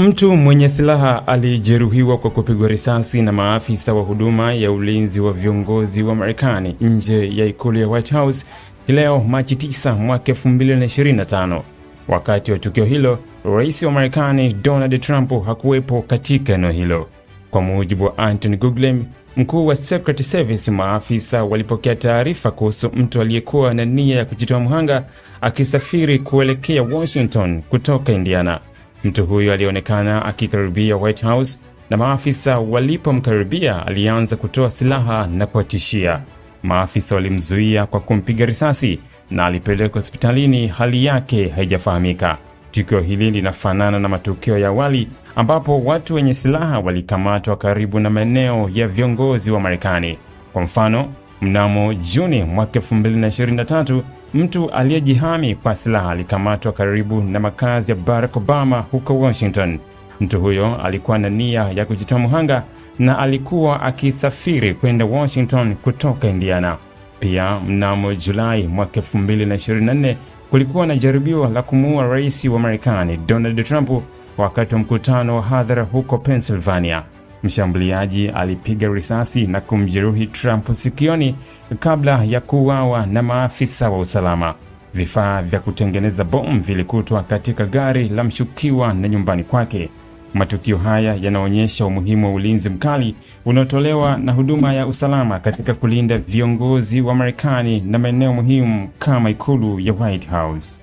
Mtu mwenye silaha alijeruhiwa kwa kupigwa risasi na maafisa wa huduma ya ulinzi wa viongozi wa Marekani nje ya ikulu ya White House leo Machi 9 mwaka 2025. Wakati wa tukio hilo, rais wa Marekani Donald Trump hakuwepo katika eneo hilo. Kwa mujibu wa Anthony Goodlem, mkuu wa Secret Service, maafisa walipokea taarifa kuhusu mtu aliyekuwa na nia ya kujitoa mhanga akisafiri kuelekea Washington kutoka Indiana. Mtu huyo alionekana akikaribia White House na maafisa walipomkaribia alianza kutoa silaha na kuwatishia. Maafisa walimzuia kwa kumpiga risasi na alipelekwa hospitalini, hali yake haijafahamika. Tukio hili linafanana na matukio ya awali ambapo watu wenye silaha walikamatwa karibu na maeneo ya viongozi wa Marekani. Kwa mfano, Mnamo Juni mwaka 2023, mtu aliyejihami kwa silaha alikamatwa karibu na makazi ya Barack Obama huko Washington. Mtu huyo alikuwa na nia ya kujitoa muhanga na alikuwa akisafiri kwenda Washington kutoka Indiana. Pia mnamo Julai mwaka 2024 kulikuwa na jaribio la kumuua rais wa Marekani Donald Trump wakati wa mkutano wa hadhara huko Pennsylvania. Mshambuliaji alipiga risasi na kumjeruhi Trump sikioni kabla ya kuuawa na maafisa wa usalama. Vifaa vya kutengeneza bomu vilikutwa katika gari la mshukiwa na nyumbani kwake. Matukio haya yanaonyesha umuhimu wa ulinzi mkali unaotolewa na huduma ya usalama katika kulinda viongozi wa Marekani na maeneo muhimu kama ikulu ya White House.